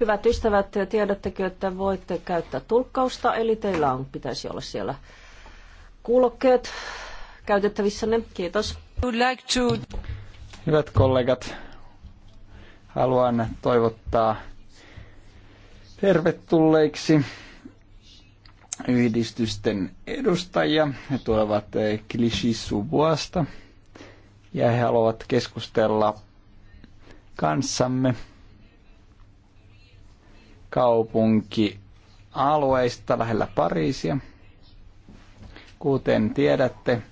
Hyvät ystävät, tiedättekö, että voitte käyttää tulkkausta, eli teillä on, pitäisi olla siellä kuulokkeet käytettävissänne. Kiitos. Hyvät kollegat, haluan toivottaa tervetulleiksi yhdistysten edustajia. He tulevat Klishi eh, Subuasta ja he haluavat keskustella kanssamme kaupunkialueista lähellä Pariisia. Kuten tiedätte,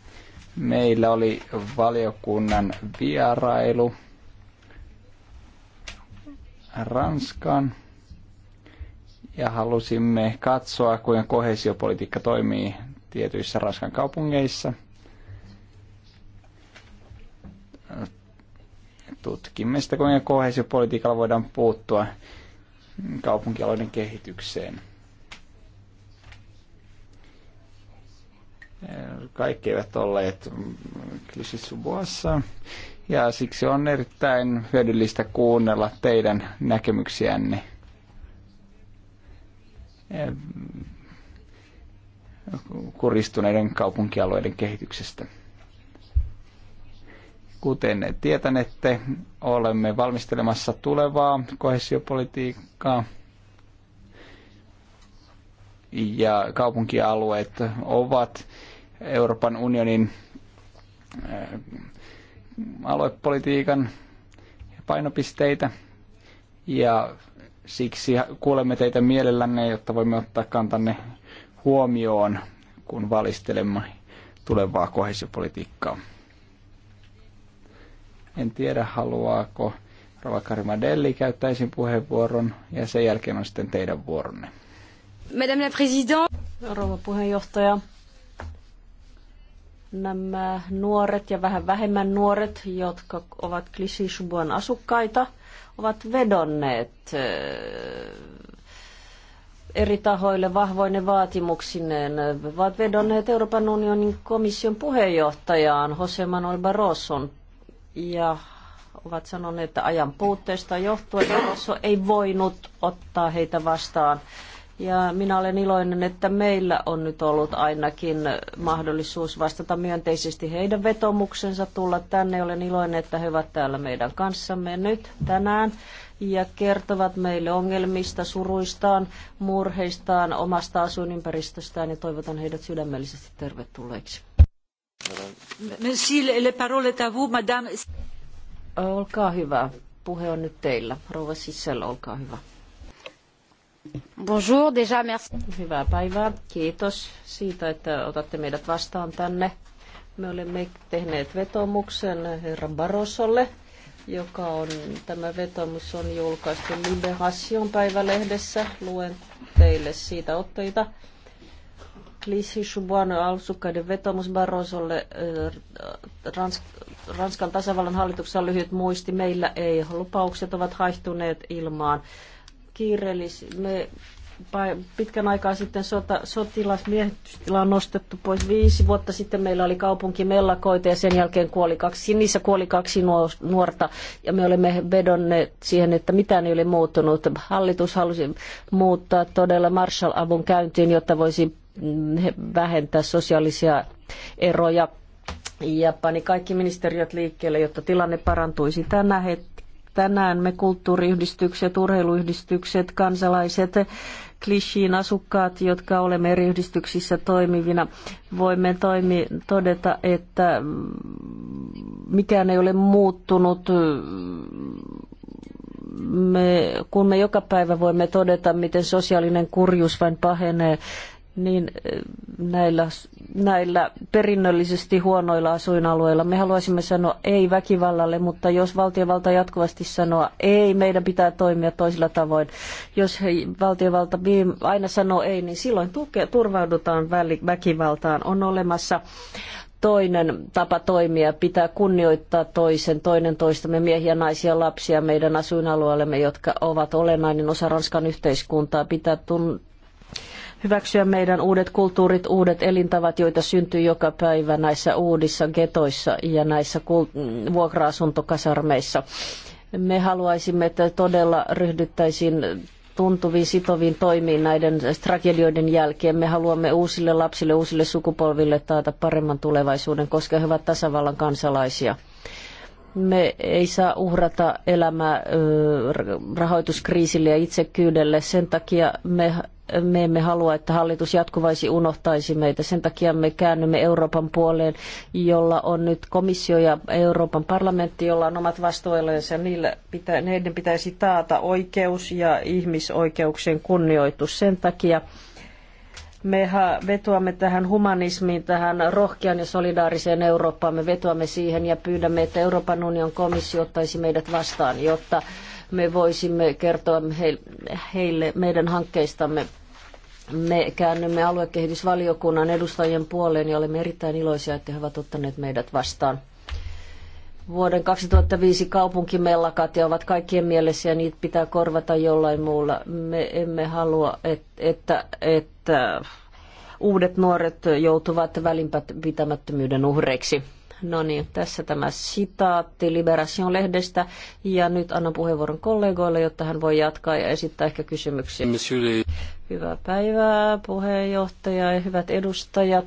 meillä oli valiokunnan vierailu Ranskaan ja halusimme katsoa, kuinka kohesiopolitiikka toimii tietyissä Ranskan kaupungeissa tutkimme sitä, kuinka kohesiopolitiikalla voidaan puuttua kaupunkialueiden kehitykseen. Kaikki eivät olleet Klisisuboassa ja siksi on erittäin hyödyllistä kuunnella teidän näkemyksiänne kuristuneiden kaupunkialueiden kehityksestä. Kuten tietänette, olemme valmistelemassa tulevaa kohesiopolitiikkaa ja kaupunkialueet ovat Euroopan unionin äh, aluepolitiikan painopisteitä ja siksi kuulemme teitä mielellänne, jotta voimme ottaa kantanne huomioon, kun valistelemme tulevaa kohesiopolitiikkaa. En tiedä, haluaako Rova Karimadelli Delli ensin puheenvuoron ja sen jälkeen on sitten teidän vuoronne. Madame la Présidente. Rouva puheenjohtaja. Nämä nuoret ja vähän vähemmän nuoret, jotka ovat Klishishubuan asukkaita, ovat vedonneet eh, eri tahoille vahvoinen vaatimuksineen, ovat vedonneet Euroopan unionin komission puheenjohtajaan Jose Manuel Barroson ja ovat sanoneet, että ajan puutteesta johtuen Rosso ei voinut ottaa heitä vastaan. Ja minä olen iloinen, että meillä on nyt ollut ainakin mahdollisuus vastata myönteisesti heidän vetomuksensa tulla tänne. Olen iloinen, että he ovat täällä meidän kanssamme nyt tänään ja kertovat meille ongelmista, suruistaan, murheistaan, omasta asuinympäristöstään ja toivotan heidät sydämellisesti tervetulleiksi. Olkaa hyvä. Puhe on nyt teillä. Rouva Sissel, olkaa hyvä. Bonjour, déjà merci. Hyvää päivää. Kiitos siitä, että otatte meidät vastaan tänne. Me olemme tehneet vetomuksen herra Barosolle, joka on, tämä vetomus on julkaistu Liberation päivälehdessä. Luen teille siitä otteita. Klisi Schubuano Alsukkaiden vetomus Barrosolle eh, Rans, Ranskan tasavallan hallituksessa lyhyt muisti. Meillä ei. Lupaukset ovat haihtuneet ilmaan. Kiireellis, me pitkän aikaa sitten sota, sotilasmiehitystila on nostettu pois. Viisi vuotta sitten meillä oli kaupunki mellakoita ja sen jälkeen kuoli kaksi, niissä kuoli kaksi nuorta ja me olemme vedonneet siihen, että mitään ei ole muuttunut. Hallitus halusi muuttaa todella Marshall-avun käyntiin, jotta voisi Mm, vähentää sosiaalisia eroja ja pani kaikki ministeriöt liikkeelle, jotta tilanne parantuisi tänä hetkellä tänään me kulttuuriyhdistykset, urheiluyhdistykset, kansalaiset, klishiin asukkaat, jotka olemme eri yhdistyksissä toimivina, voimme toimi, todeta, että mikään ei ole muuttunut. Me, kun me joka päivä voimme todeta, miten sosiaalinen kurjuus vain pahenee, niin eh, näillä, näillä perinnöllisesti huonoilla asuinalueilla. Me haluaisimme sanoa ei väkivallalle, mutta jos valtiovalta jatkuvasti sanoo ei, meidän pitää toimia toisilla tavoin. Jos he, valtiovalta aina sanoo ei, niin silloin tuke, turvaudutaan väkivaltaan. On olemassa toinen tapa toimia, pitää kunnioittaa toisen, toinen toistamme miehiä, naisia, lapsia meidän asuinalueellemme, jotka ovat olennainen osa Ranskan yhteiskuntaa. Pitää tun- hyväksyä meidän uudet kulttuurit, uudet elintavat, joita syntyy joka päivä näissä uudissa getoissa ja näissä kult- vuokra-asuntokasarmeissa. Me haluaisimme, että todella ryhdyttäisiin tuntuviin sitoviin toimiin näiden tragedioiden jälkeen. Me haluamme uusille lapsille, uusille sukupolville taata paremman tulevaisuuden, koska he ovat tasavallan kansalaisia me ei saa uhrata elämää rahoituskriisille ja itsekyydelle. Sen takia me me emme halua, että hallitus jatkuvaisi unohtaisi meitä. Sen takia me käännymme Euroopan puoleen, jolla on nyt komissio ja Euroopan parlamentti, jolla on omat vastuualueensa. Niillä pitä, neiden pitäisi taata oikeus ja ihmisoikeuksien kunnioitus. Sen takia me vetoamme tähän humanismiin, tähän rohkean ja solidaariseen Eurooppaan. Me vetoamme siihen ja pyydämme, että Euroopan unionin komissio ottaisi meidät vastaan, jotta me voisimme kertoa heille meidän hankkeistamme me käännymme aluekehitysvaliokunnan edustajien puoleen ja olemme erittäin iloisia, että he ovat ottaneet meidät vastaan. Vuoden 2005 kaupunkimellakat ja ovat kaikkien mielessä ja niitä pitää korvata jollain muulla. Me emme halua, että, että uudet nuoret joutuvat välinpitämättömyyden uhreiksi. No niin, tässä tämä sitaatti Liberation-lehdestä. Ja nyt annan puheenvuoron kollegoille, jotta hän voi jatkaa ja esittää ehkä kysymyksiä. Hyvää päivää, puheenjohtaja ja hyvät edustajat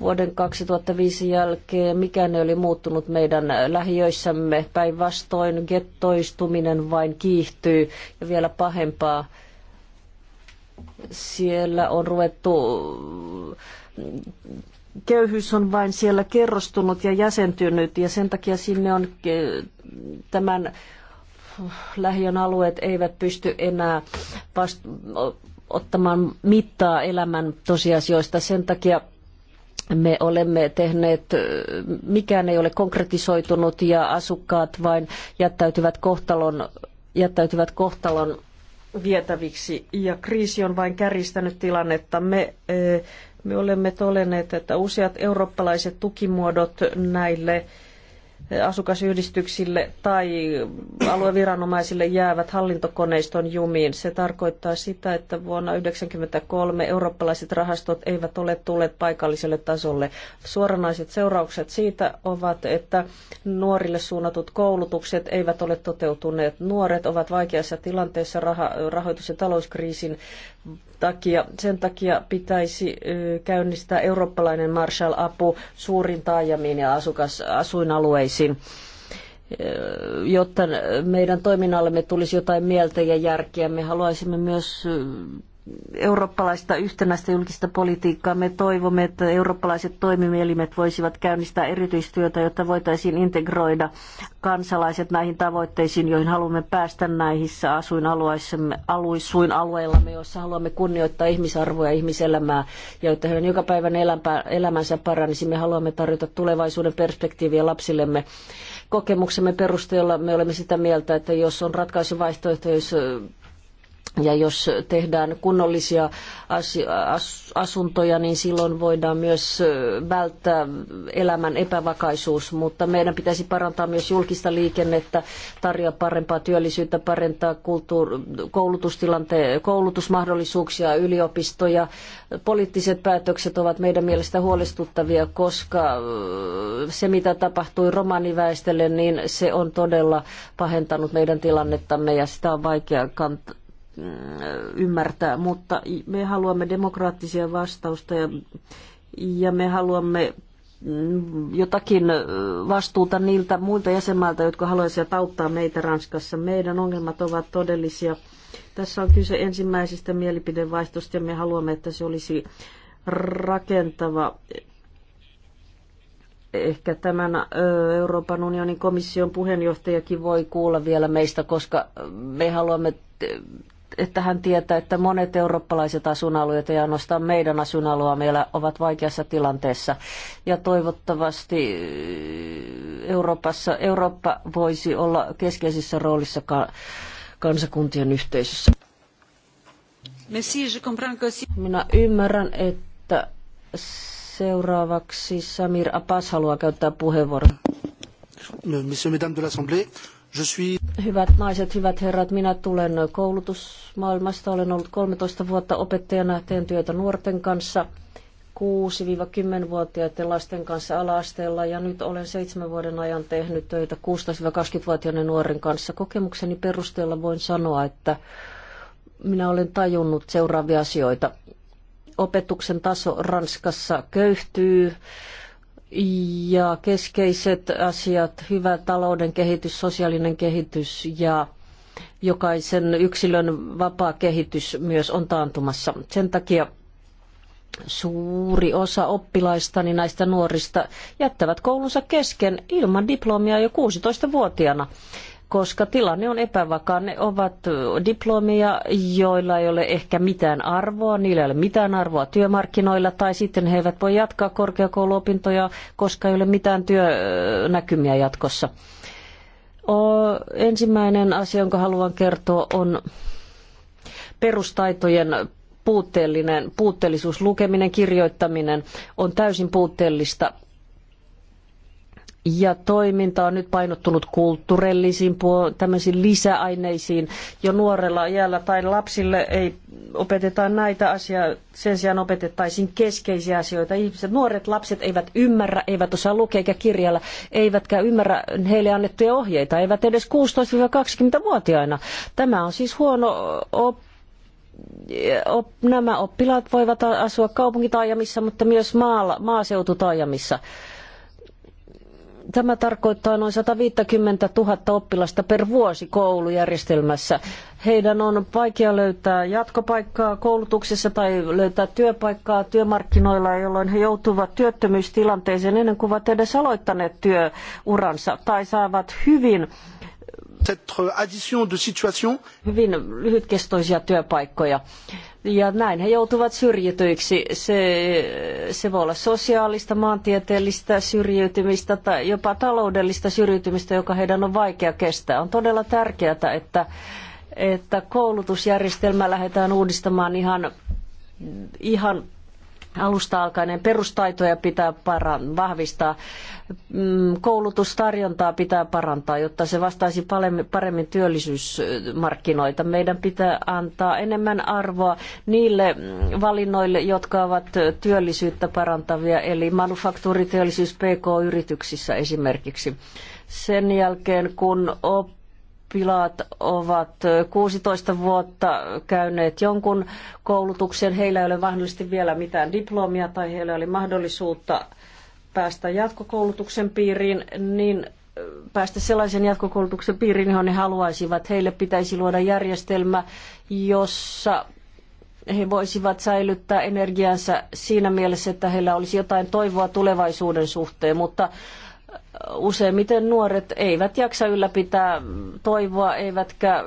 vuoden 2005 jälkeen mikään ei oli muuttunut meidän lähiöissämme. Päinvastoin gettoistuminen vain kiihtyy ja vielä pahempaa. Siellä on ruvettu köyhyys on vain siellä kerrostunut ja jäsentynyt ja sen takia sinne on tämän lähiön alueet eivät pysty enää vast- ottamaan mittaa elämän tosiasioista. Sen takia me olemme tehneet, mikään ei ole konkretisoitunut ja asukkaat vain jättäytyvät kohtalon, jättäytyvät kohtalon vietäviksi ja kriisi on vain käristänyt tilannetta. Me eh, me olemme todenneet, että useat eurooppalaiset tukimuodot näille asukasyhdistyksille tai alueviranomaisille jäävät hallintokoneiston jumiin. Se tarkoittaa sitä, että vuonna 1993 eurooppalaiset rahastot eivät ole tulleet paikalliselle tasolle. Suoranaiset seuraukset siitä ovat, että nuorille suunnatut koulutukset eivät ole toteutuneet. Nuoret ovat vaikeassa tilanteessa rahoitus- ja talouskriisin takia, sen takia pitäisi käynnistää eurooppalainen Marshall-apu suurin taajamiin ja asukas, asuinalueisiin jotta meidän toiminnallemme tulisi jotain mieltä ja järkeä. Me haluaisimme myös eurooppalaista yhtenäistä julkista politiikkaa. Me toivomme, että eurooppalaiset toimimielimet voisivat käynnistää erityistyötä, jotta voitaisiin integroida kansalaiset näihin tavoitteisiin, joihin haluamme päästä näissä asuinalueissamme, aluisuin alueillamme, joissa haluamme kunnioittaa ihmisarvoa ja ihmiselämää, ja jotta heidän joka päivän elämänsä paranisi. Me haluamme tarjota tulevaisuuden perspektiiviä lapsillemme kokemuksemme perusteella me olemme sitä mieltä, että jos on ratkaisuvaihtoehto, jos ja jos tehdään kunnollisia asuntoja, niin silloin voidaan myös välttää elämän epävakaisuus, mutta meidän pitäisi parantaa myös julkista liikennettä, tarjota parempaa työllisyyttä, parantaa koulutustilanteen, koulutusmahdollisuuksia, yliopistoja. Poliittiset päätökset ovat meidän mielestä huolestuttavia, koska se mitä tapahtui romaniväestölle, niin se on todella pahentanut meidän tilannettamme ja sitä on vaikea kantaa Mm, ymmärtää, mutta me haluamme demokraattisia vastausta ja, ja me haluamme mm, jotakin vastuuta niiltä muilta jäsenmailta, jotka haluaisivat auttaa meitä Ranskassa. Meidän ongelmat ovat todellisia. Tässä on kyse ensimmäisestä mielipidevaihtosta ja me haluamme, että se olisi rakentava. Ehkä tämän Euroopan unionin komission puheenjohtajakin voi kuulla vielä meistä, koska me haluamme että hän tietää, että monet eurooppalaiset asuinalueet ja ainoastaan meidän meillä ovat vaikeassa tilanteessa. Ja toivottavasti äh, Euroopassa, Eurooppa voisi olla keskeisessä roolissa kansakuntien yhteisössä. Minä ymmärrän, että seuraavaksi Samir Abbas haluaa käyttää puheenvuoron. Monsieur, mesdames de l'Assemblée, Hyvät naiset, hyvät herrat, minä tulen koulutusmaailmasta. Olen ollut 13 vuotta opettajana, teen työtä nuorten kanssa, 6-10-vuotiaiden lasten kanssa ala-asteella ja nyt olen seitsemän vuoden ajan tehnyt töitä 16-20-vuotiaiden nuoren kanssa. Kokemukseni perusteella voin sanoa, että minä olen tajunnut seuraavia asioita. Opetuksen taso Ranskassa köyhtyy ja keskeiset asiat, hyvä talouden kehitys, sosiaalinen kehitys ja jokaisen yksilön vapaa kehitys myös on taantumassa. Sen takia suuri osa oppilaistani niin näistä nuorista jättävät koulunsa kesken ilman diplomia jo 16-vuotiaana koska tilanne on epävakaa. Ne ovat diplomeja, joilla ei ole ehkä mitään arvoa, niillä ei ole mitään arvoa työmarkkinoilla, tai sitten he eivät voi jatkaa korkeakouluopintoja, koska ei ole mitään työnäkymiä jatkossa. ensimmäinen asia, jonka haluan kertoa, on perustaitojen puutteellinen, puutteellisuus, lukeminen, kirjoittaminen on täysin puutteellista ja toiminta on nyt painottunut kulttuurellisiin tämmöisiin lisäaineisiin. Jo nuorella iällä tai lapsille ei opeteta näitä asioita, sen sijaan opetettaisiin keskeisiä asioita. Ihmiset, nuoret lapset eivät ymmärrä, eivät osaa lukea eikä kirjalla, eivätkä ymmärrä heille annettuja ohjeita, eivät edes 16-20-vuotiaina. Tämä on siis huono op- nämä oppilaat voivat asua kaupunkitaajamissa, mutta myös maalla, maaseututaajamissa. Tämä tarkoittaa noin 150 000 oppilasta per vuosi koulujärjestelmässä. Heidän on vaikea löytää jatkopaikkaa koulutuksessa tai löytää työpaikkaa työmarkkinoilla, jolloin he joutuvat työttömyystilanteeseen ennen kuin ovat edes aloittaneet työuransa tai saavat hyvin hyvin lyhytkestoisia työpaikkoja. Ja näin he joutuvat syrjityiksi. Se, se voi olla sosiaalista, maantieteellistä syrjäytymistä tai jopa taloudellista syrjäytymistä, joka heidän on vaikea kestää. On todella tärkeää, että, että koulutusjärjestelmä lähdetään uudistamaan ihan, ihan alusta alkaen perustaitoja pitää paran, vahvistaa, mm, koulutustarjontaa pitää parantaa, jotta se vastaisi paremmin työllisyysmarkkinoita. Meidän pitää antaa enemmän arvoa niille mm, valinnoille, jotka ovat työllisyyttä parantavia, eli manufaktuuriteollisuus PK-yrityksissä esimerkiksi. Sen jälkeen, kun op oppilaat ovat 16 vuotta käyneet jonkun koulutuksen. Heillä ei ole mahdollisesti vielä mitään diplomia tai heillä oli mahdollisuutta päästä jatkokoulutuksen piiriin, niin päästä sellaisen jatkokoulutuksen piiriin, johon he haluaisivat. Heille pitäisi luoda järjestelmä, jossa he voisivat säilyttää energiansa siinä mielessä, että heillä olisi jotain toivoa tulevaisuuden suhteen, mutta useimmiten nuoret eivät jaksa ylläpitää toivoa, eivätkä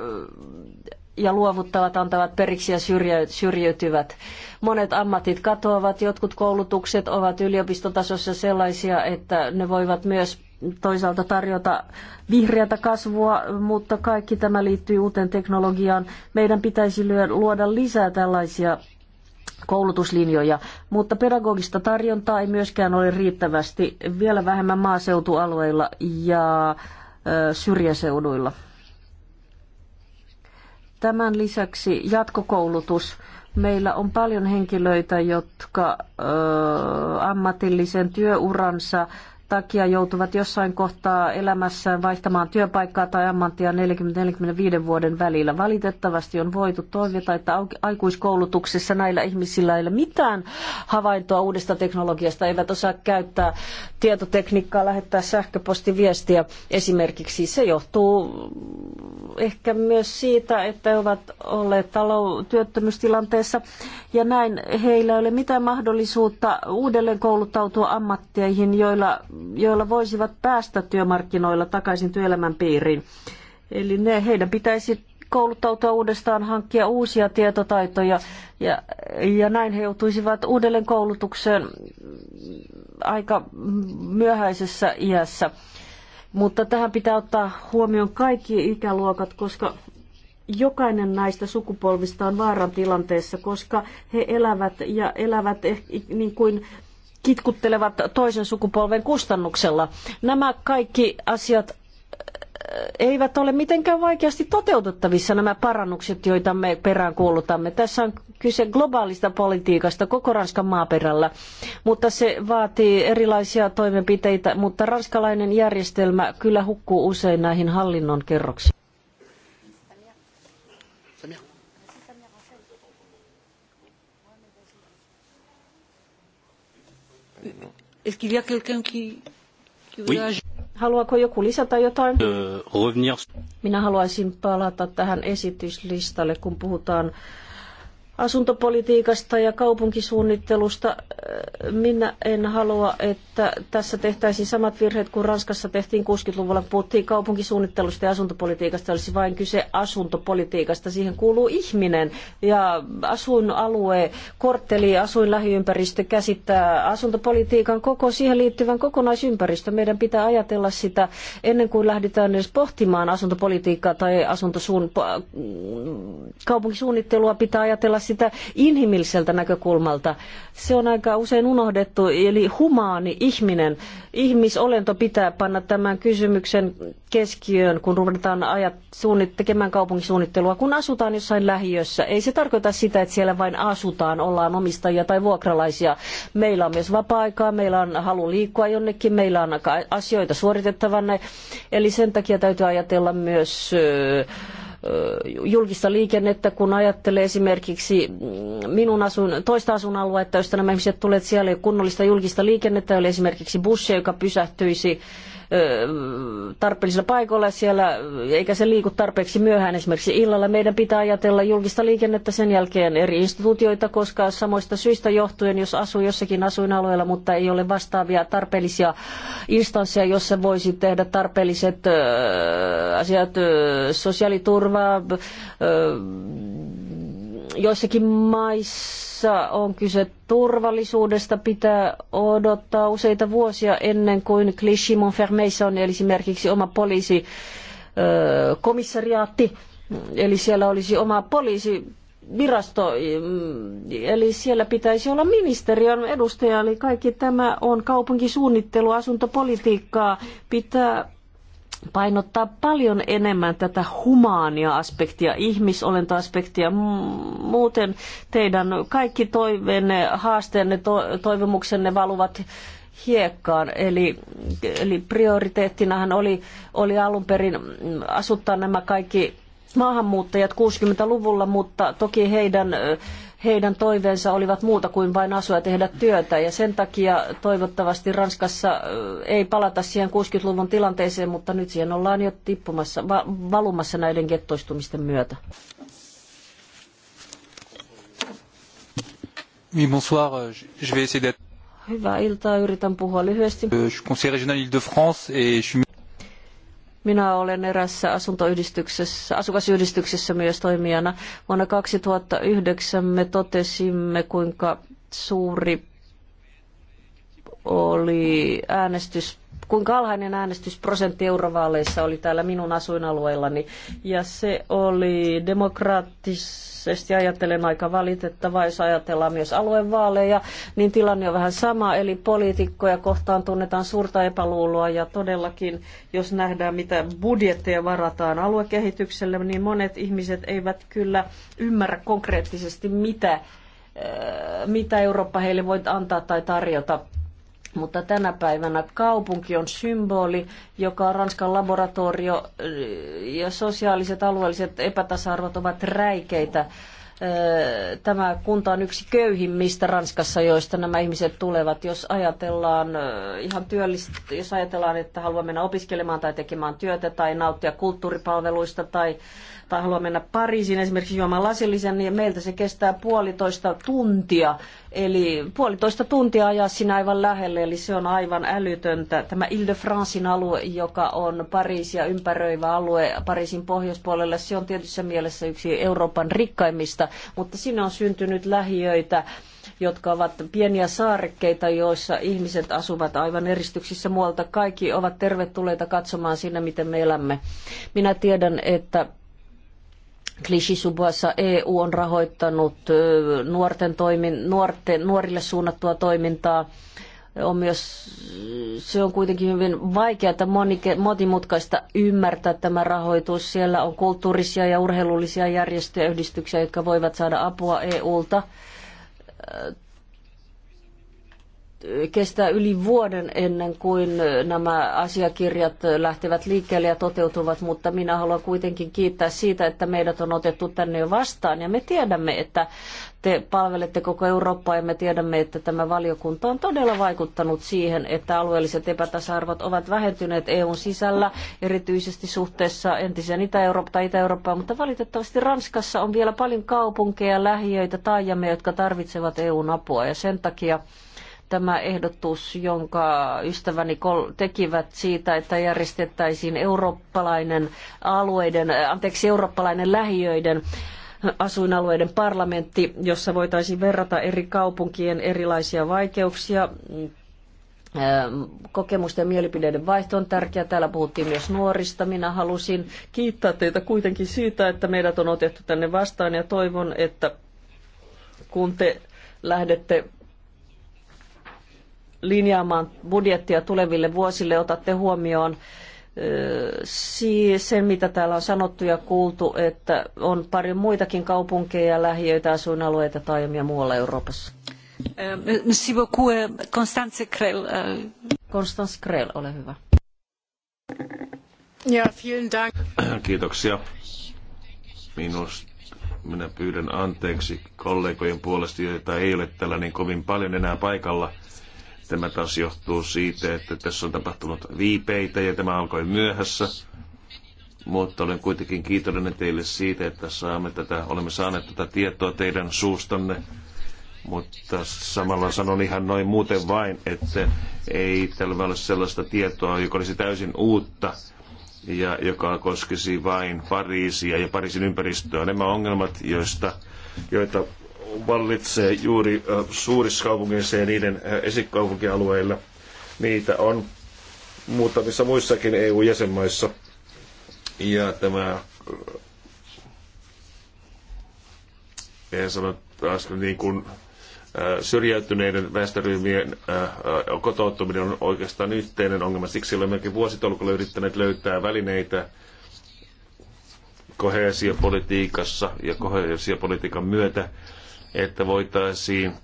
ja luovuttavat, antavat periksi ja syrjäytyvät. Monet ammatit katoavat, jotkut koulutukset ovat yliopistotasossa sellaisia, että ne voivat myös toisaalta tarjota vihreätä kasvua, mutta kaikki tämä liittyy uuteen teknologiaan. Meidän pitäisi luoda lisää tällaisia koulutuslinjoja, mutta pedagogista tarjontaa ei myöskään ole riittävästi, vielä vähemmän maaseutualueilla ja syrjäseuduilla. Tämän lisäksi jatkokoulutus. Meillä on paljon henkilöitä, jotka ö, ammatillisen työuransa takia joutuvat jossain kohtaa elämässään vaihtamaan työpaikkaa tai ammattia 40-45 vuoden välillä. Valitettavasti on voitu toivota, että aikuiskoulutuksessa näillä ihmisillä ei ole mitään havaintoa uudesta teknologiasta, eivät osaa käyttää tietotekniikkaa, lähettää sähköpostiviestiä esimerkiksi. Se johtuu ehkä myös siitä, että he ovat olleet talou- työttömyystilanteessa ja näin heillä ei ole mitään mahdollisuutta uudelleen kouluttautua ammatteihin, joilla joilla voisivat päästä työmarkkinoilla takaisin työelämän piiriin. Eli ne, heidän pitäisi kouluttautua uudestaan, hankkia uusia tietotaitoja ja, ja näin he joutuisivat uudelleen koulutukseen aika myöhäisessä iässä. Mutta tähän pitää ottaa huomioon kaikki ikäluokat, koska jokainen näistä sukupolvista on vaaran tilanteessa, koska he elävät ja elävät eh- niin kuin kitkuttelevat toisen sukupolven kustannuksella. Nämä kaikki asiat eh, eivät ole mitenkään vaikeasti toteutettavissa nämä parannukset, joita me peräänkuulutamme. Tässä on kyse globaalista politiikasta koko Ranskan maaperällä, mutta se vaatii erilaisia toimenpiteitä, mutta ranskalainen järjestelmä kyllä hukkuu usein näihin hallinnon kerroksiin. Oui. Haluaako joku lisätä jotain? Minä haluaisin palata tähän esityslistalle, kun puhutaan asuntopolitiikasta ja kaupunkisuunnittelusta. Minä en halua, että tässä tehtäisiin samat virheet kuin Ranskassa tehtiin 60-luvulla, kun puhuttiin kaupunkisuunnittelusta ja asuntopolitiikasta. Olisi vain kyse asuntopolitiikasta. Siihen kuuluu ihminen ja asuinalue, kortteli, asuinlähiympäristö käsittää asuntopolitiikan koko siihen liittyvän kokonaisympäristö. Meidän pitää ajatella sitä ennen kuin lähdetään edes pohtimaan asuntopolitiikkaa tai asuntosuun... kaupunkisuunnittelua pitää ajatella sitä inhimilliseltä näkökulmalta. Se on aika usein unohdettu, eli humaani ihminen, ihmisolento pitää panna tämän kysymyksen keskiöön, kun ruvetaan ajat, suunnit, tekemään kaupunkisuunnittelua, kun asutaan jossain lähiössä. Ei se tarkoita sitä, että siellä vain asutaan, ollaan omistajia tai vuokralaisia. Meillä on myös vapaa-aikaa, meillä on halu liikkua jonnekin, meillä on asioita suoritettavana. Eli sen takia täytyy ajatella myös... Öö, julkista liikennettä, kun ajattelee esimerkiksi mm, minun asun, toista asuinaluetta, josta nämä ihmiset tulevat, siellä ei ole kunnollista julkista liikennettä, oli esimerkiksi bussi, joka pysähtyisi tarpeellisilla paikoilla siellä, eikä se liiku tarpeeksi myöhään esimerkiksi illalla. Meidän pitää ajatella julkista liikennettä sen jälkeen eri instituutioita, koska samoista syistä johtuen, jos asuu jossakin asuinalueella, mutta ei ole vastaavia tarpeellisia instansseja, jossa voisi tehdä tarpeelliset asiat, sosiaaliturvaa, Joissakin maissa on kyse turvallisuudesta, pitää odottaa useita vuosia ennen kuin Clichy Montfermeissa on eli esimerkiksi oma poliisi komissariaatti, eli siellä olisi oma poliisi virasto, eli siellä pitäisi olla ministeriön edustaja, eli kaikki tämä on kaupunkisuunnittelu, asuntopolitiikkaa, pitää painottaa paljon enemmän tätä humaania aspektia, ihmisolentoaspektia. Muuten teidän kaikki toiveenne, haasteenne, to, toivomuksenne valuvat hiekkaan. Eli, eli prioriteettinahan oli, oli alun perin asuttaa nämä kaikki maahanmuuttajat 60-luvulla, mutta toki heidän, heidän toiveensa olivat muuta kuin vain asua ja tehdä työtä. Ja sen takia toivottavasti Ranskassa ei palata siihen 60-luvun tilanteeseen, mutta nyt siihen ollaan jo tippumassa, valumassa näiden gettoistumisten myötä. Oui, bonsoir. Je vais essayer d'être... Hyvää iltaa, yritän puhua lyhyesti. Euh, je suis conseiller régional Île-de-France et je suis minä olen erässä asuntoyhdistyksessä, asukasyhdistyksessä myös toimijana. Vuonna 2009 me totesimme, kuinka suuri oli äänestys kuinka alhainen äänestysprosentti eurovaaleissa oli täällä minun asuinalueellani. Ja se oli demokraattisesti ajatellen aika valitettavaa, jos ajatellaan myös aluevaaleja, niin tilanne on vähän sama. Eli poliitikkoja kohtaan tunnetaan suurta epäluuloa ja todellakin, jos nähdään mitä budjetteja varataan aluekehitykselle, niin monet ihmiset eivät kyllä ymmärrä konkreettisesti, mitä eh, mitä Eurooppa heille voi antaa tai tarjota mutta tänä päivänä kaupunki on symboli, joka on Ranskan laboratorio ja sosiaaliset alueelliset epätasa-arvot ovat räikeitä tämä kunta on yksi köyhimmistä Ranskassa, joista nämä ihmiset tulevat. Jos ajatellaan ihan työllistä, jos ajatellaan, että haluaa mennä opiskelemaan tai tekemään työtä tai nauttia kulttuuripalveluista tai, tai haluaa mennä Pariisiin esimerkiksi juomaan lasillisen, niin meiltä se kestää puolitoista tuntia Eli puolitoista tuntia ajaa sinä aivan lähelle, eli se on aivan älytöntä. Tämä Ile-de-Francein alue, joka on Pariisia ympäröivä alue Pariisin pohjoispuolelle, se on tietyssä mielessä yksi Euroopan rikkaimmista, mutta sinne on syntynyt lähiöitä, jotka ovat pieniä saarekkeita, joissa ihmiset asuvat aivan eristyksissä muualta. Kaikki ovat tervetulleita katsomaan sinne, miten me elämme. Minä tiedän, että Klishisubassa EU on rahoittanut nuorten toimin, nuorten, nuorille suunnattua toimintaa. On myös, se on kuitenkin hyvin vaikeaa ja monimutkaista ymmärtää tämä rahoitus. Siellä on kulttuurisia ja urheilullisia järjestöjä yhdistyksiä, jotka voivat saada apua EUlta kestää yli vuoden ennen kuin nämä asiakirjat lähtevät liikkeelle ja toteutuvat, mutta minä haluan kuitenkin kiittää siitä, että meidät on otettu tänne jo vastaan. Ja me tiedämme, että te palvelette koko Eurooppaa ja me tiedämme, että tämä valiokunta on todella vaikuttanut siihen, että alueelliset epätasa-arvot ovat vähentyneet EUn sisällä, erityisesti suhteessa entiseen Itä-Eurooppaan tai Itä-Eurooppaan, mutta valitettavasti Ranskassa on vielä paljon kaupunkeja, lähiöitä, taajamme, jotka tarvitsevat EUn apua ja sen takia tämä ehdotus, jonka ystäväni tekivät siitä, että järjestettäisiin eurooppalainen alueiden, anteeksi, eurooppalainen lähiöiden asuinalueiden parlamentti, jossa voitaisiin verrata eri kaupunkien erilaisia vaikeuksia, ähm, kokemusten ja mielipideiden vaihto on tärkeää. Täällä puhuttiin myös nuorista. Minä halusin kiittää teitä kuitenkin siitä, että meidät on otettu tänne vastaan ja toivon, että kun te lähdette linjaamaan budjettia tuleville vuosille, otatte huomioon sen, mitä täällä on sanottu ja kuultu, että on paljon muitakin kaupunkeja, lähiöitä, asuinalueita tai omia muualla Euroopassa. Eh, merci beaucoup, eh, Constance Krell. Eh. Constance Krell, ole hyvä. Ja, vielen dank. Kiitoksia. Minusta minä pyydän anteeksi kollegojen puolesta, joita ei ole täällä niin kovin paljon enää paikalla Tämä taas johtuu siitä, että tässä on tapahtunut viipeitä ja tämä alkoi myöhässä. Mutta olen kuitenkin kiitollinen teille siitä, että saamme tätä, olemme saaneet tätä tietoa teidän suustanne. Mutta samalla sanon ihan noin muuten vain, että ei tällä ole sellaista tietoa, joka olisi täysin uutta ja joka koskisi vain Pariisia ja Pariisin ympäristöä. Nämä ongelmat, joista, joita vallitsee juuri suurissa kaupungeissa ja niiden esikaupunkialueilla. Niitä on muutamissa muissakin EU-jäsenmaissa. Ja tämä en sano taas niin kuin syrjäytyneiden väestöryhmien kotouttuminen on oikeastaan yhteinen ongelma. Siksi olemmekin vuositolkulla yrittäneet löytää välineitä koheesiopolitiikassa ja koheesiopolitiikan myötä että voitaisiin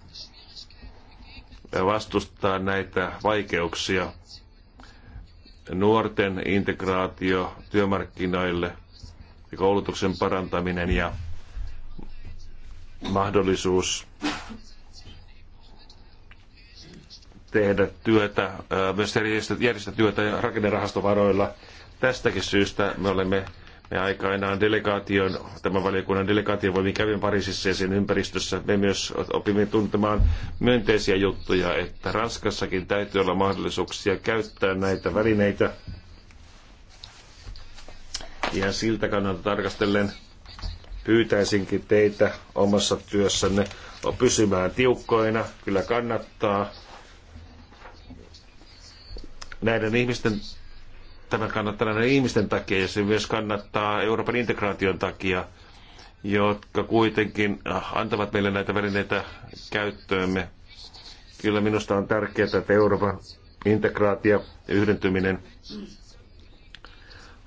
vastustaa näitä vaikeuksia. Nuorten integraatio työmarkkinoille ja koulutuksen parantaminen ja mahdollisuus tehdä työtä, myös järjestötyötä ja rakennerahastovaroilla. Tästäkin syystä me olemme me aikanaan delegaation, tämän valiokunnan delegaation voimin kävin Pariisissa ja sen ympäristössä. Me myös opimme tuntemaan myönteisiä juttuja, että Ranskassakin täytyy olla mahdollisuuksia käyttää näitä välineitä. Ja siltä kannalta tarkastellen pyytäisinkin teitä omassa työssänne pysymään tiukkoina. Kyllä kannattaa näiden ihmisten tämä kannattaa näiden ihmisten takia ja se myös kannattaa Euroopan integraation takia, jotka kuitenkin äh, antavat meille näitä välineitä käyttöömme. Kyllä minusta on tärkeää, että Euroopan integraatio, yhdentyminen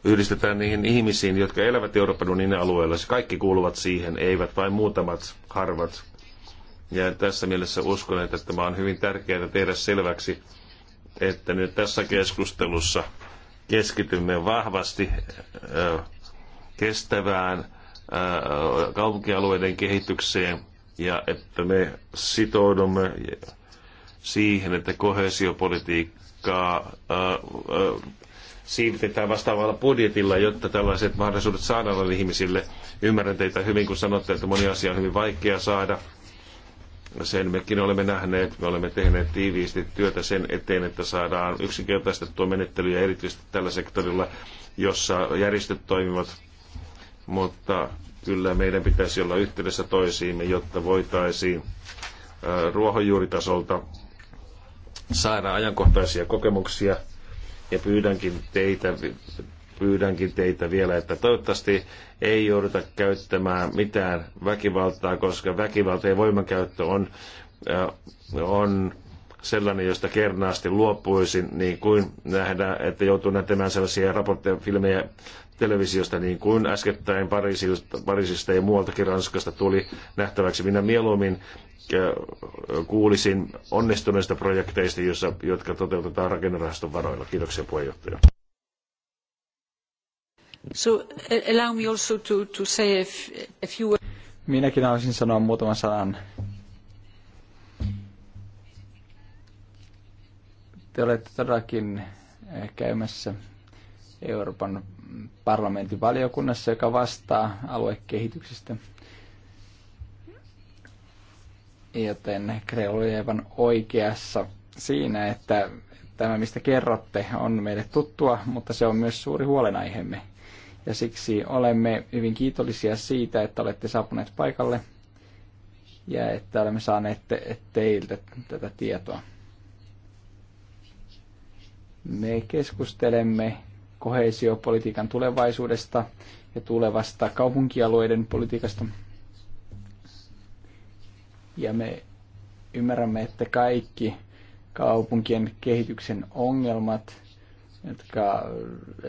yhdistetään niihin ihmisiin, jotka elävät Euroopan unionin alueella. Se kaikki kuuluvat siihen, eivät vain muutamat harvat. Ja tässä mielessä uskon, että tämä on hyvin tärkeää tehdä selväksi, että nyt tässä keskustelussa – keskitymme vahvasti kestävään kaupunkialueiden kehitykseen ja että me sitoudumme siihen, että kohesiopolitiikkaa siirtetään vastaavalla budjetilla, jotta tällaiset mahdollisuudet saadaan ihmisille. Ymmärrän teitä hyvin, kun sanotte, että moni asia on hyvin vaikea saada sen mekin olemme nähneet, me olemme tehneet tiiviisti työtä sen eteen, että saadaan yksinkertaistettua menettelyjä erityisesti tällä sektorilla, jossa järjestöt toimivat, mutta kyllä meidän pitäisi olla yhteydessä toisiimme, jotta voitaisiin ruohonjuuritasolta saada ajankohtaisia kokemuksia ja pyydänkin teitä pyydänkin teitä vielä, että toivottavasti ei jouduta käyttämään mitään väkivaltaa, koska väkivalta ja voimankäyttö on, on sellainen, josta kernaasti luopuisin, niin kuin nähdään, että joutuu näkemään sellaisia raportteja, filmejä televisiosta, niin kuin äskettäin Pariisista, Pariisista ja muualtakin Ranskasta tuli nähtäväksi. Minä mieluummin kuulisin onnistuneista projekteista, jotka toteutetaan rakennerahaston varoilla. Kiitoksia puheenjohtaja. Minäkin haluaisin sanoa muutaman sanan. Te olette todellakin eh, käymässä Euroopan parlamentin valiokunnassa, joka vastaa aluekehityksestä. Joten Kreol oli aivan oikeassa siinä, että tämä mistä kerrotte on meille tuttua, mutta se on myös suuri huolenaiheemme ja siksi olemme hyvin kiitollisia siitä, että olette saapuneet paikalle ja että olemme saaneet te- teiltä tätä tietoa. Me keskustelemme kohesiopolitiikan tulevaisuudesta ja tulevasta kaupunkialueiden politiikasta. Ja me ymmärrämme, että kaikki kaupunkien kehityksen ongelmat – jotka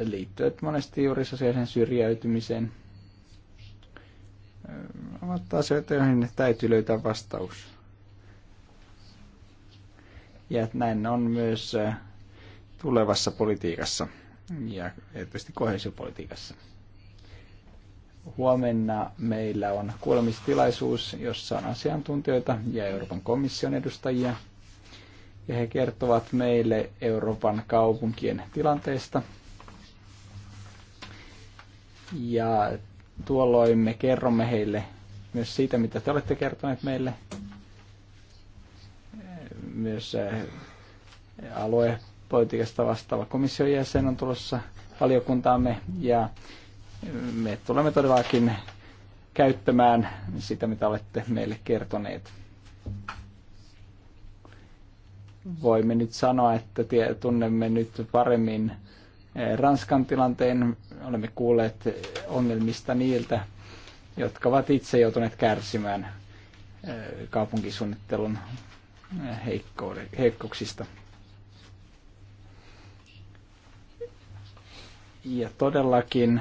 liittyvät monesti juuri sosiaalisen syrjäytymiseen, äh, ovat asioita, joihin täytyy löytää vastaus. Ja näin on myös äh, tulevassa politiikassa ja erityisesti kohesiopolitiikassa. Huomenna meillä on kuulemistilaisuus, jossa on asiantuntijoita ja Euroopan komission edustajia – ja he kertovat meille Euroopan kaupunkien tilanteesta. Ja tuolloin me kerromme heille myös siitä, mitä te olette kertoneet meille. Myös eh, aluepolitiikasta vastaava komission jäsen on tulossa valiokuntaamme ja me tulemme todellakin käyttämään sitä, mitä olette meille kertoneet voimme nyt sanoa, että tunnemme nyt paremmin eh, Ranskan tilanteen. Olemme kuulleet ongelmista niiltä, jotka ovat itse joutuneet kärsimään eh, kaupunkisuunnittelun eh, heikkouksista. Ja todellakin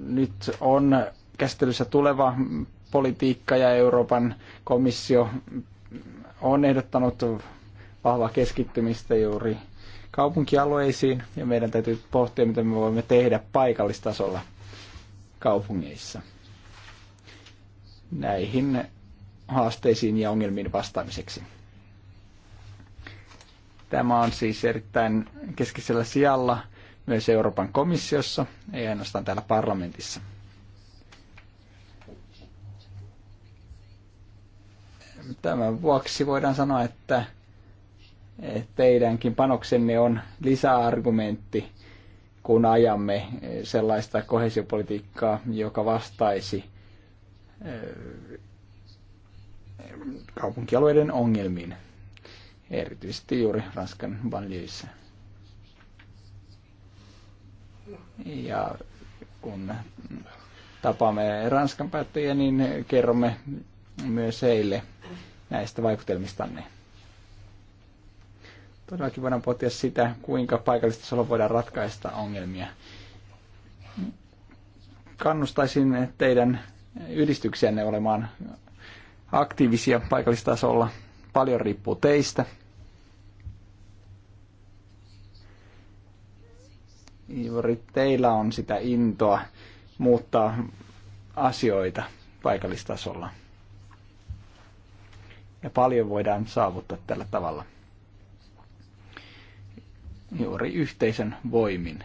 nyt on käsittelyssä tuleva politiikka ja Euroopan komissio on ehdottanut vahvaa keskittymistä juuri kaupunkialueisiin ja meidän täytyy pohtia, mitä me voimme tehdä paikallistasolla kaupungeissa näihin haasteisiin ja ongelmiin vastaamiseksi. Tämä on siis erittäin keskisellä sijalla myös Euroopan komissiossa, ei ainoastaan täällä parlamentissa. Tämän vuoksi voidaan sanoa, että Eh, teidänkin panoksenne on lisäargumentti, kun ajamme eh, sellaista kohesiopolitiikkaa, joka vastaisi eh, kaupunkialueiden ongelmiin, erityisesti juuri Ranskan banlieusissa. Ja kun tapaamme Ranskan päättäjiä, niin kerromme myös heille näistä vaikutelmistanne todellakin voidaan pohtia sitä, kuinka solo voidaan ratkaista ongelmia. Kannustaisin teidän yhdistyksiänne olemaan aktiivisia paikallistasolla. Paljon riippuu teistä. Iivori, teillä on sitä intoa muuttaa asioita paikallistasolla. Ja paljon voidaan saavuttaa tällä tavalla juuri yhteisön voimin.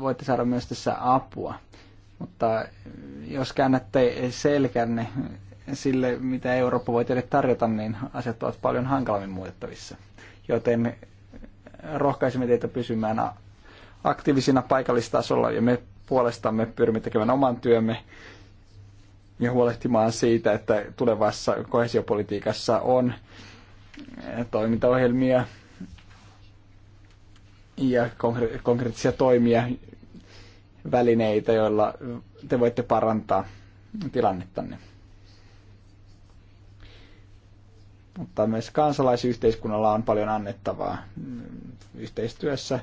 Voitte saada myös tässä apua. Mutta jos käännätte selkänne sille, mitä Eurooppa voi teille tarjota, niin asiat ovat paljon hankalammin muutettavissa. Joten rohkaisemme teitä pysymään aktiivisina paikallistasolla ja me puolestamme pyrimme tekemään oman työmme ja huolehtimaan siitä, että tulevassa kohesiopolitiikassa on toimintaohjelmia ja konkreettisia toimia, välineitä, joilla te voitte parantaa tilannettanne. Mutta myös kansalaisyhteiskunnalla on paljon annettavaa yhteistyössä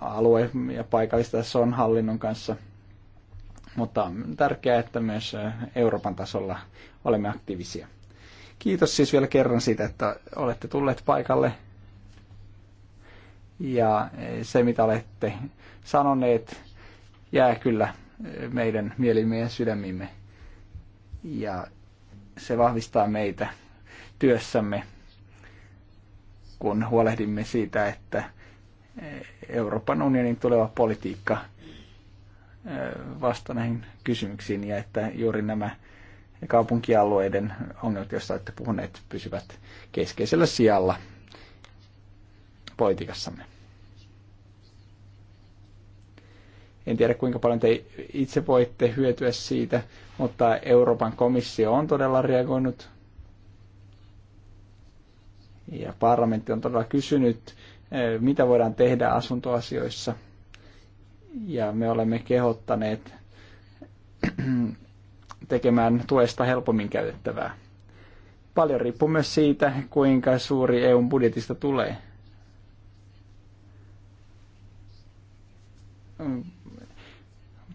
alue- ja paikallistason hallinnon kanssa. Mutta on tärkeää, että myös Euroopan tasolla olemme aktiivisia. Kiitos siis vielä kerran siitä, että olette tulleet paikalle. Ja se, mitä olette sanoneet, jää kyllä meidän mielimme ja sydämimme. Ja se vahvistaa meitä työssämme, kun huolehdimme siitä, että Euroopan unionin tuleva politiikka vasta näihin kysymyksiin ja että juuri nämä ja kaupunkialueiden ongelmat, joista olette puhuneet, pysyvät keskeisellä sijalla politiikassamme. En tiedä kuinka paljon te itse voitte hyötyä siitä, mutta Euroopan komissio on todella reagoinut ja parlamentti on todella kysynyt, eh, mitä voidaan tehdä asuntoasioissa. Ja me olemme kehottaneet tekemään tuesta helpommin käytettävää. Paljon riippuu myös siitä, kuinka suuri EUn budjetista tulee.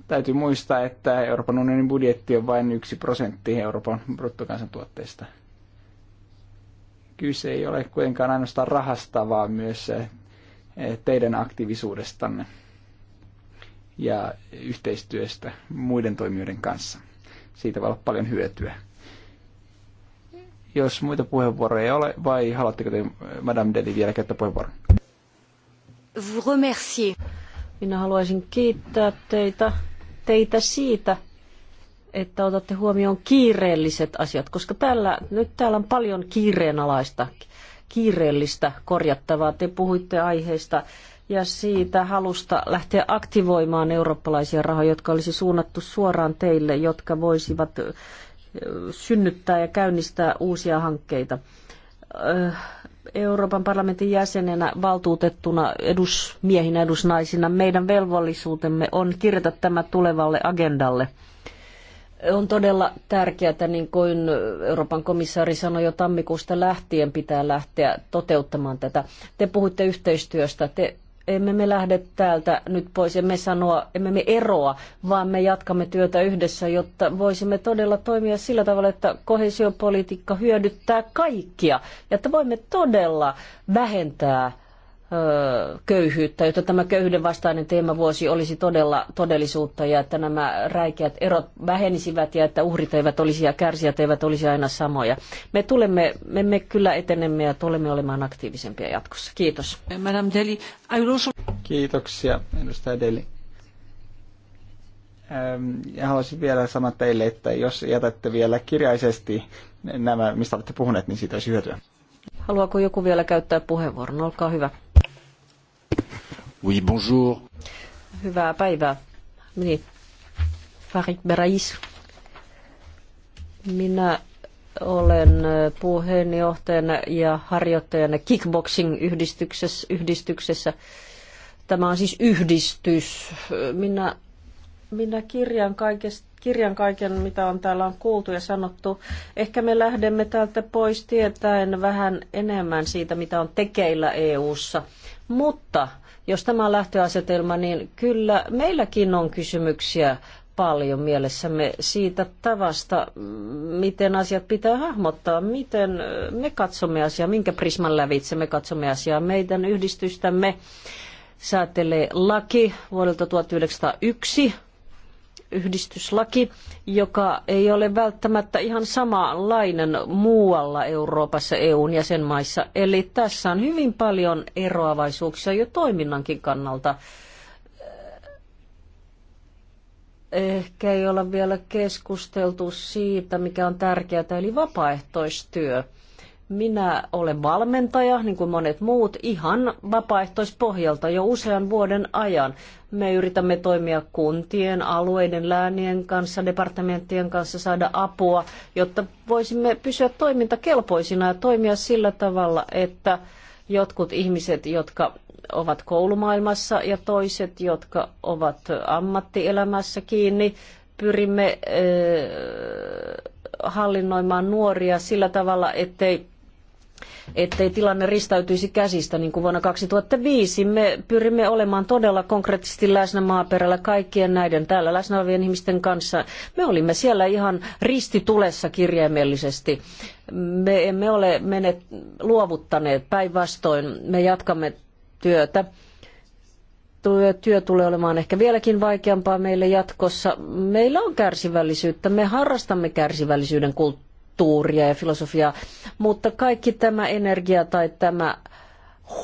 Täytyy muistaa, että Euroopan unionin budjetti on vain yksi prosentti Euroopan bruttokansantuotteista. Kyse ei ole kuitenkaan ainoastaan rahasta, vaan myös eh, teidän aktiivisuudestanne ja yhteistyöstä muiden toimijoiden kanssa. Siitä voi olla paljon hyötyä. Jos muita puheenvuoroja ei ole, vai haluatteko te, Madame Deli, vielä käyttää puheenvuoron? Minä haluaisin kiittää teitä, teitä siitä, että otatte huomioon kiireelliset asiat, koska tällä, nyt täällä on paljon kiireenalaista, kiireellistä korjattavaa. Te puhuitte aiheista, ja siitä halusta lähteä aktivoimaan eurooppalaisia rahoja, jotka olisi suunnattu suoraan teille, jotka voisivat synnyttää ja käynnistää uusia hankkeita. Euroopan parlamentin jäsenenä, valtuutettuna, edusmiehinä, edusnaisina meidän velvollisuutemme on kirjata tämä tulevalle agendalle. On todella tärkeää, että niin kuin Euroopan komissaari sanoi jo tammikuusta lähtien, pitää lähteä toteuttamaan tätä. Te puhutte yhteistyöstä, te emme me lähde täältä nyt pois, emme sanoa, emme me eroa, vaan me jatkamme työtä yhdessä, jotta voisimme todella toimia sillä tavalla, että kohesiopolitiikka hyödyttää kaikkia, ja että voimme todella vähentää köyhyyttä, jotta tämä köyhyyden vastainen teemavuosi olisi todella todellisuutta ja että nämä räikeät erot vähenisivät ja että uhrit eivät olisi ja kärsijät eivät olisi aina samoja. Me tulemme, me, me kyllä etenemme ja tulemme olemaan aktiivisempia jatkossa. Kiitos. Madame Deli, Kiitoksia, edustaja Deli. Ja haluaisin vielä sanoa teille, että jos jätätte vielä kirjaisesti nämä, mistä olette puhuneet, niin siitä olisi hyötyä. Haluaako joku vielä käyttää puheenvuoron? Olkaa hyvä. Oui, bonjour. Hyvää päivää. Niin. Farid Berais. Minä olen puheenjohtajana ja harjoittajana kickboxing-yhdistyksessä. Yhdistyksessä. Tämä on siis yhdistys. Minä, minä kirjan, kaikest, kirjan kaiken, mitä on täällä on kuultu ja sanottu. Ehkä me lähdemme täältä pois tietäen vähän enemmän siitä, mitä on tekeillä EU-ssa. Mutta jos tämä on lähtöasetelma, niin kyllä meilläkin on kysymyksiä paljon mielessämme siitä tavasta, miten asiat pitää hahmottaa, miten me katsomme asiaa, minkä prisman lävitse me katsomme asiaa. Meidän yhdistystämme säätelee laki vuodelta 1901, yhdistyslaki, joka ei ole välttämättä ihan samanlainen muualla Euroopassa EUn jäsenmaissa. Eli tässä on hyvin paljon eroavaisuuksia jo toiminnankin kannalta. Ehkä ei olla vielä keskusteltu siitä, mikä on tärkeää, eli vapaaehtoistyö. Minä olen valmentaja, niin kuin monet muut, ihan vapaaehtoispohjalta jo usean vuoden ajan. Me yritämme toimia kuntien, alueiden, läänien kanssa, departamenttien kanssa, saada apua, jotta voisimme pysyä toimintakelpoisina ja toimia sillä tavalla, että jotkut ihmiset, jotka ovat koulumaailmassa ja toiset, jotka ovat ammattielämässä kiinni, pyrimme eh, hallinnoimaan nuoria sillä tavalla, ettei ettei tilanne ristäytyisi käsistä, niin kuin vuonna 2005. Me pyrimme olemaan todella konkreettisesti läsnä maaperällä kaikkien näiden täällä läsnä olevien ihmisten kanssa. Me olimme siellä ihan ristitulessa kirjaimellisesti. Me emme ole menet, luovuttaneet, päinvastoin me jatkamme työtä työ, työ tulee olemaan ehkä vieläkin vaikeampaa meille jatkossa. Meillä on kärsivällisyyttä, me harrastamme kärsivällisyyden kulttuuria kulttuuria ja filosofiaa, mutta kaikki tämä energia tai tämä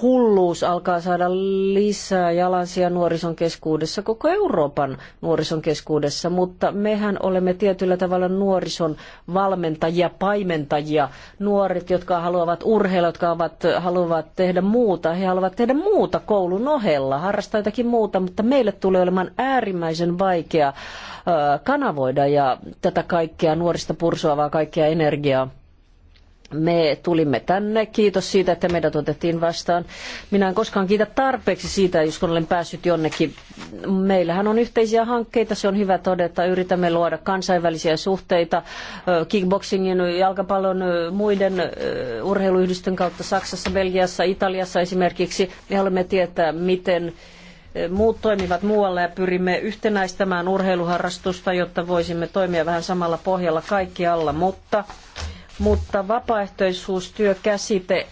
hulluus alkaa saada lisää jalansia nuorison keskuudessa, koko Euroopan nuorison keskuudessa, mutta mehän olemme tietyllä tavalla nuorison valmentajia, paimentajia, nuoret, jotka haluavat urheilla, jotka ovat, haluavat tehdä muuta, he haluavat tehdä muuta koulun ohella, harrastaa jotakin muuta, mutta meille tulee olemaan äärimmäisen vaikea kanavoida ja tätä kaikkea nuorista pursuavaa kaikkea energiaa me tulimme tänne. Kiitos siitä, että meidät otettiin vastaan. Minä en koskaan kiitä tarpeeksi siitä, jos kun olen päässyt jonnekin. Meillähän on yhteisiä hankkeita, se on hyvä todeta. Yritämme luoda kansainvälisiä suhteita kickboxingin, jalkapallon, muiden urheiluyhdistysten kautta Saksassa, Belgiassa, Italiassa esimerkiksi. Me haluamme tietää, miten muut toimivat muualla ja pyrimme yhtenäistämään urheiluharrastusta, jotta voisimme toimia vähän samalla pohjalla kaikkialla, mutta mutta vapaaehtoisuustyökäsite,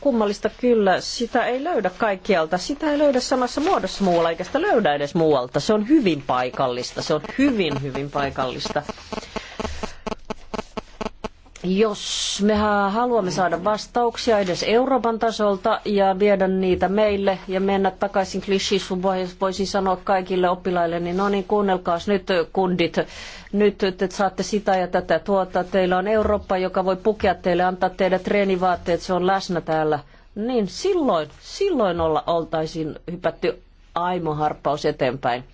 kummallista kyllä, sitä ei löydä kaikkialta. Sitä ei löydä samassa muodossa muualla, eikä sitä löydä edes muualta. Se on hyvin paikallista, se on hyvin, hyvin paikallista jos me haluamme saada vastauksia edes Euroopan tasolta ja viedä niitä meille ja mennä takaisin jos voisin sanoa kaikille oppilaille, niin no niin, kuunnelkaa nyt kundit, nyt te saatte sitä ja tätä tuota, teillä on Eurooppa, joka voi pukea teille, antaa teille treenivaatteet, se on läsnä täällä. Niin silloin, silloin olla oltaisiin hypätty aimoharppaus eteenpäin.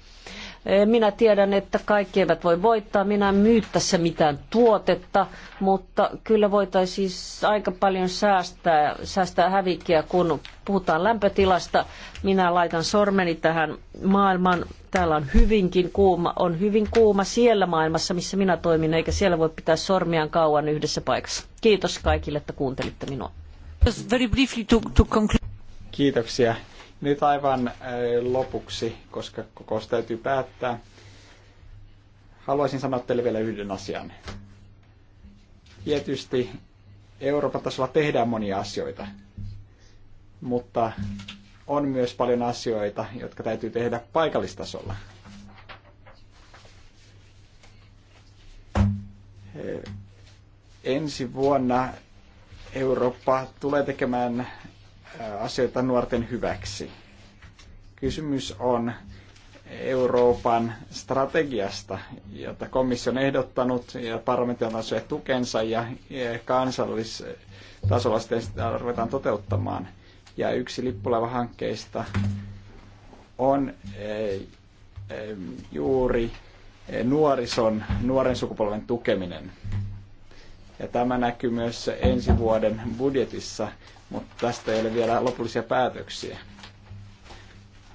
Eh, minä tiedän, että kaikki eivät voi voittaa. Minä en myy tässä mitään tuotetta, mutta kyllä voitaisiin aika paljon säästää, säästää hävikkiä, kun puhutaan lämpötilasta. Minä laitan sormeni tähän maailman. Täällä on hyvinkin kuuma, on hyvin kuuma siellä maailmassa, missä minä toimin, eikä siellä voi pitää sormiaan kauan yhdessä paikassa. Kiitos kaikille, että kuuntelitte minua. Kiitoksia nyt aivan äh, lopuksi, koska kokous täytyy päättää, haluaisin sanoa teille vielä yhden asian. Tietysti Euroopan tasolla tehdään monia asioita, mutta on myös paljon asioita, jotka täytyy tehdä paikallistasolla. Ensi vuonna Eurooppa tulee tekemään asioita nuorten hyväksi. Kysymys on Euroopan strategiasta, jota komissio on ehdottanut ja parlamentti on taas tukensa ja kansallistasolla sitten sitä ruvetaan toteuttamaan. Ja yksi lippulaivahankkeista on juuri nuorison, nuoren sukupolven tukeminen. Ja tämä näkyy myös ensi vuoden budjetissa mutta tästä ei ole vielä lopullisia päätöksiä.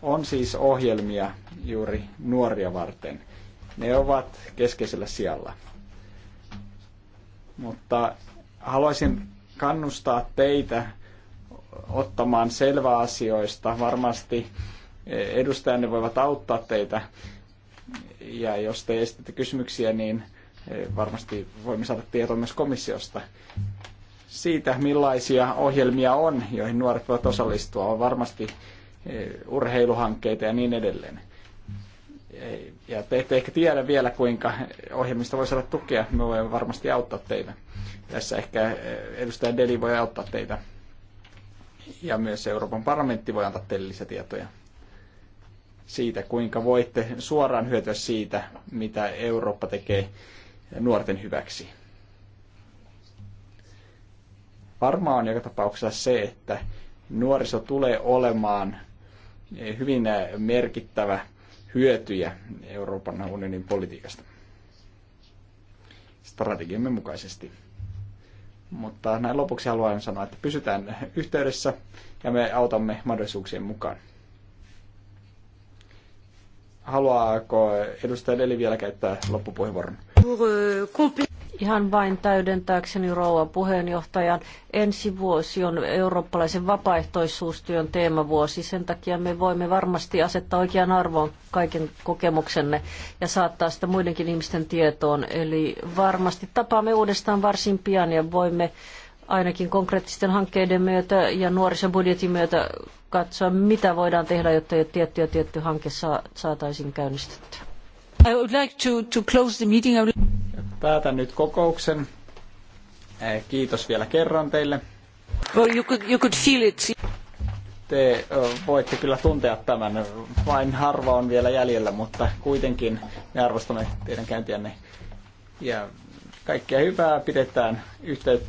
On siis ohjelmia juuri nuoria varten. Ne ovat keskeisellä sijalla. Mutta haluaisin kannustaa teitä ottamaan selvää asioista. Varmasti edustajanne voivat auttaa teitä. Ja jos te esitätte kysymyksiä, niin varmasti voimme saada tietoa myös komissiosta siitä, millaisia ohjelmia on, joihin nuoret voivat osallistua, on varmasti eh, urheiluhankkeita ja niin edelleen. Eh, ja te ette ehkä tiedä vielä, kuinka ohjelmista voi saada tukea. Me voimme varmasti auttaa teitä. Tässä ehkä eh, edustaja Deli voi auttaa teitä. Ja myös Euroopan parlamentti voi antaa teille lisätietoja siitä, kuinka voitte suoraan hyötyä siitä, mitä Eurooppa tekee nuorten hyväksi varmaan on joka tapauksessa se, että nuoriso tulee olemaan eh, hyvin eh, merkittävä hyötyjä Euroopan unionin politiikasta strategiamme mukaisesti. Mutta näin lopuksi haluan sanoa, että pysytään yhteydessä ja me autamme mahdollisuuksien mukaan. Haluaako edustaja Deli vielä käyttää loppupuheenvuoron? Eh, Ihan vain täydentääkseni rouva puheenjohtajan, ensi vuosi on eurooppalaisen vapaaehtoisuustyön teemavuosi. Sen takia me voimme varmasti asettaa oikean arvon kaiken kokemuksenne ja saattaa sitä muidenkin ihmisten tietoon. Eli varmasti tapaamme uudestaan varsin pian ja voimme ainakin konkreettisten hankkeiden myötä ja nuorison budjetin myötä katsoa, mitä voidaan tehdä, jotta tietty ja tietty hanke saataisiin käynnistettyä. I would like to, to close the meeting. Päätän nyt kokouksen. Eh, kiitos vielä kerran teille. Well, you could, you could feel it. Te eh, voitte kyllä tuntea tämän. Vain harva on vielä jäljellä, mutta kuitenkin me arvostamme teidän käyntiänne. Ja kaikkea hyvää, pidetään yhteyttä.